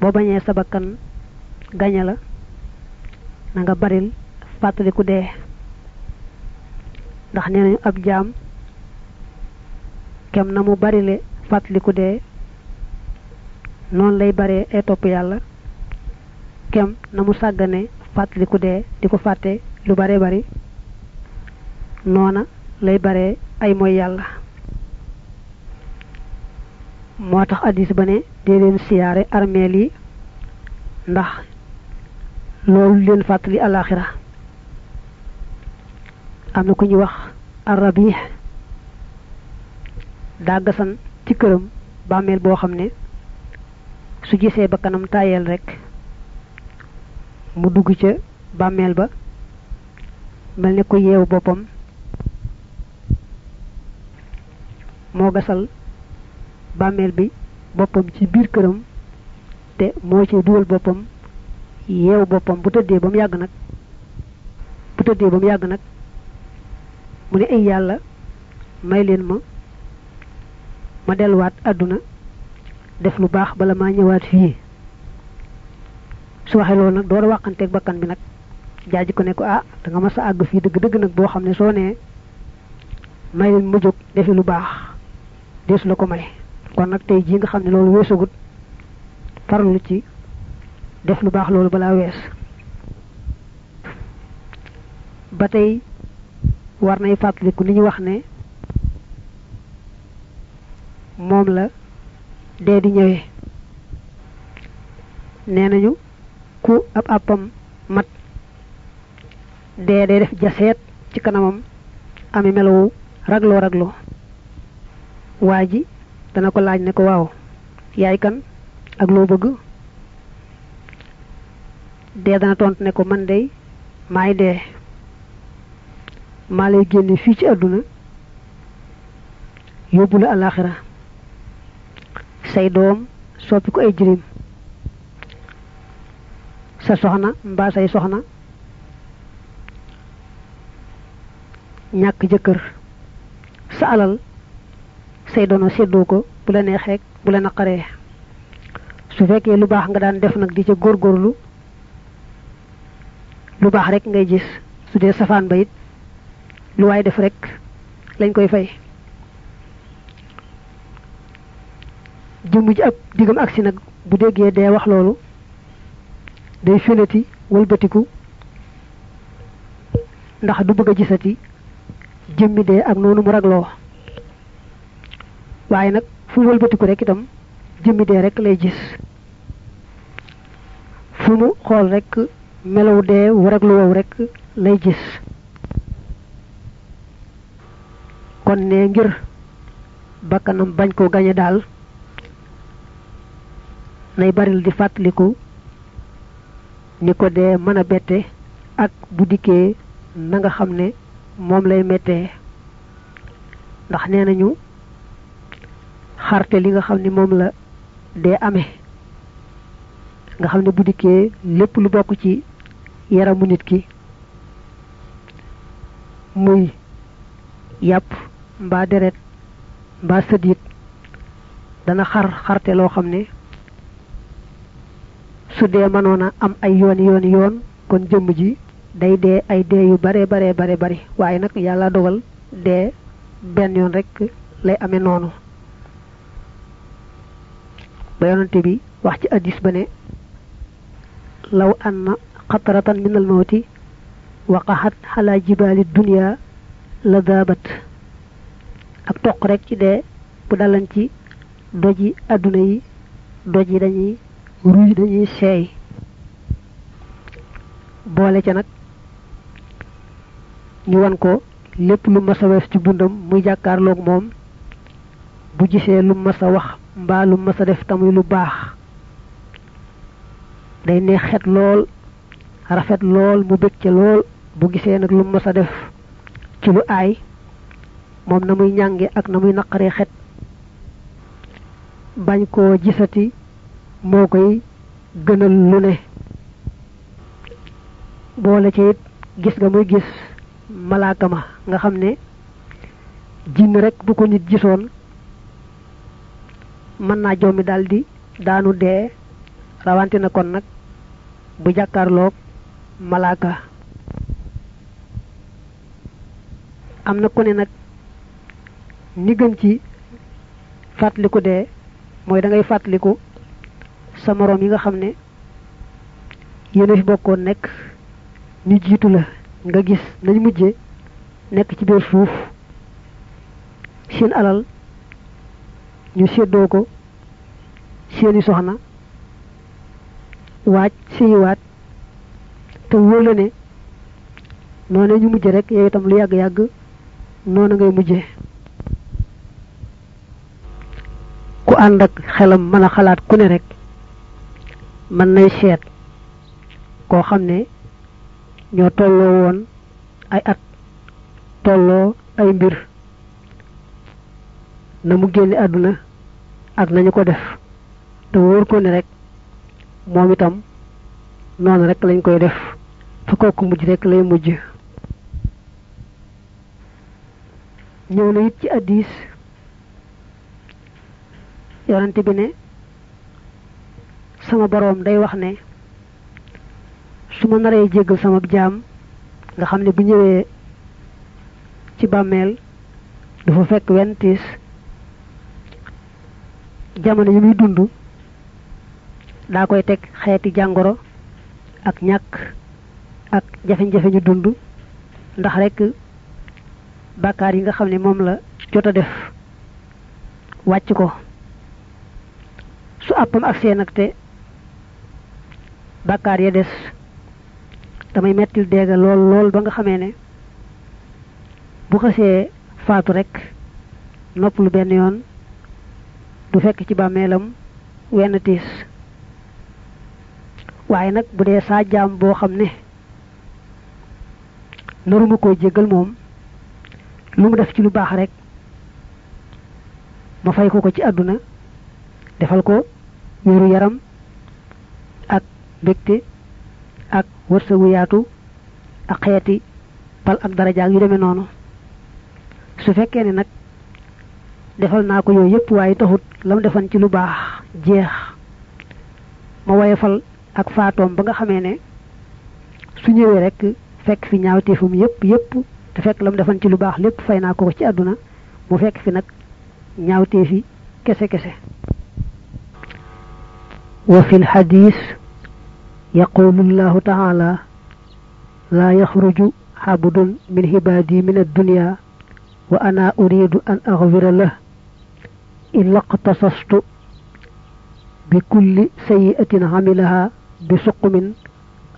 boo bañee sa bakkan gañe la nanga nga baril fàttaliku dee ndax nee nañu ab jaam kem na mu barile fàttaliku dee noonu lay baree ay topp yàlla kem na mu sàggane fàttaliku dee di ko fàtte lu bare bari noona lay bare ay mooy yàlla moo tax addis ba ne dee leen siyaare armeel yi ndax loolu leen fàttali alaxira am na ku ñuy wax arrabi daa gasan ci këram bàmmeel boo xam ne su gisee ba kanam tàyyeel rek mu dugg ca bàmmeel ba mel ne ku yeewu boppam moo gasal bàmmeel bi boppam ci biir këram te moo ci dugal boppam yeew boppam bu tëddee ba mu yàgg nag bu tëddee ba mu yàgg nag mu ne ay yàlla may leen ma ma delluwaat àdduna def lu baax bala maa ñëwaat fii su waxee loolu nag door a waxanteeg bakkan bi nag jaaji ko ne ko ah danga nga mas a àgg fii dëgg-dëgg nag boo xam ne soo nee may leen ma jóg defi lu baax deesu la ko may kon nag tey jii nga xam ne loolu weesagut farlu ci def lu baax loolu balaa wees ba tey war nay fàttaliku li ñu wax ne moom la dee di ñëwee nee nañu ku ab àppam mat dee day def jaseet ci kanamam ami melowu ragloo ragloo waa ji dana ko laaj ne ko waaw yaay kan ak loo bëgg dee dana tontu ne ko man dey maay dee maa lay génne fii ci àdduna yóbbu la alaxira say doom soppi ko ay jirim sa soxna mbaa say soxna ñàkk jëkkër sa alal say dono séddoo ko bu la neexee bu la naqaree su fekkee lu baax nga daan def nag di ca góorgóorlu lu baax rek ngay gis su dee safaan ba it lu waay def rek lañ koy fay jëmm ji ab diggam agsi nag bu déggee dee wax loolu day féléti wëlbatiku ndax du bëgg a gisati jëmmi dee ak noonu mu ragloo waaye nag fu mu wëlbatiku rek itam jëmmi dee rek lay gis fu mu xool rekk melow dee wu rek lu wow rek lay gis kon ne ngir bakkanam bañ koo gañe daal nay baril di fàttaliku ni ko dee mën a bette ak bu dikkee na nga xam ne moom lay mettee ndax nee nañu xarte li nga xam ni moom la dee ame nga xam ne bu lépp lu bokk ci yaramu nit ki muy yàpp mba deret mbaa sëdit dana xar xarte loo xam ne su dee mënoon a am ay yoon yoon yoon kon jëmm ji day dee ay dee yu bare bare bare bari waaye nag yàlla dogal dee benn yoon rek lay ame noonu ba yonante bi wax ci addis ba ne law anna xataratan min al mawti waqaxat xalaa jibaali dunia la daabat ak toq rekk ci dee bu dalan ci doj yi àdduna yi doj yi dañuy ruuj dañuy seey boole ca nag ñu wan ko lépp lu masa wees ci bundam muy jàkkaarloog moom bu gisee lu masa wax mbaa lu mës a def tamuy lu baax day ne xet lool rafet lool mu bëgg ca lool bu gisee nag lu mës a def ci lu aay moom na muy ñànge ak na muy naqaree xet bañ koo gisati moo koy gënal lu ne boole ci it gis nga muy gis malaaka nga xam ne jinn rek bu ko nit gisoon mën naa jommi daal di daanu dee rawante na kon nag bu jàkkaarlook malaaka am na ku ne nag ni gën ci fàttaliku dee mooy da ngay fàttaliku sa moroom yi nga xam ne yéen a fi bokkoon nekk ñu jiitu la nga gis nañ mujje nekk ci biir suuf seen alal ñu seddoo ko seeni soxna waaj séyiwaat te wóor ne noonu ñu mujje rek yow itam lu yàgg-yàgg noonu ngay mujje ku ànd ak xelam mën a xalaat ku ne rek mën nay seet koo xam ne ñoo tolloo woon ay at tolloo ay mbir na mu génne àdduna ak nañu ko def te wër ko ne rek moom itam noonu rek lañ koy def fa kooku mujj rek lay mujj ñëw na it ci addis yonante bi ne sama boroom day wax ne su ma naree jéggal sama jaam nga xam ne bu ñëwee ci bàmmeel dafa fekk wenn jamono yi muy dund daa koy teg xeeti jàngoro ak ñàkk ak jafe-jafe ñu dund ndax rekk bàkkaar yi nga xam ne moom la jot a def wàcc ko su àppam ak seen ak te bàkkaar ya des damay mettil deega lool lool ba nga xamee ne bu xësee faatu rek nopp lu benn yoon du fekk ci bàmmeelam wenn tiis waaye nag bu dee saa jaam boo xam ne naruma koo jéggal moom lu mu def ci lu baax rek ma fay ko ko ci àdduna defal ko wéeru yaram ak mbégte ak wërsëgu yaatu ak xeeti pal ak daraja yu demee noonu su fekkee ne nag defal naa ko yooyu yépp waaye taxut la defan ci lu baax jeex ma woyefal ak faatoom ba nga xamee ne su ñëwee rek fekk fi ñaawteefam yépp yëpp te fekk la mu ci lu baax lépp fay naa ko ci àdduna mu fekk fi nag ñaawteefi kese kese wa fi lxadis yaqulu llahu taala laa yaxruju xabdun min xibaadi min addunia wa ana uridu an axfira lah illa qtasastu bi kulli sayiatin hamilaha bi suqumin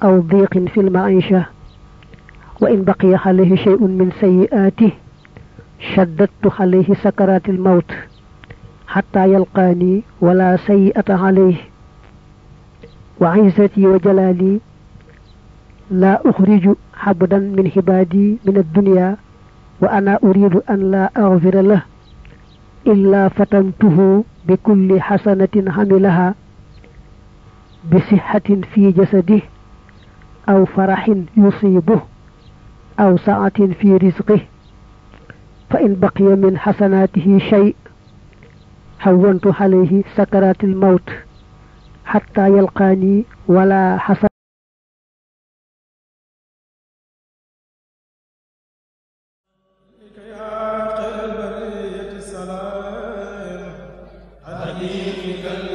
aw diqin fi lmaisha wa in baqiya alayhi shay'un min sayiatih shaddadtu alayhi sakarati almawt xataa yalqaanii wala sayiata alayhi wa izati wa jalaali laa uxriju xabdan min xibaadi min addunia wa ana uridu an laa axfira lah illaa fatantuhu bi kulli xasanatin xamilaha bi sixatin fi jasadih aw faraxin yusiibuh aw saatin fi risqih fa in baqiya min xasanaatihi shay xawantu alayhi sakaraati almawt xatta yalqaani wala xasa ka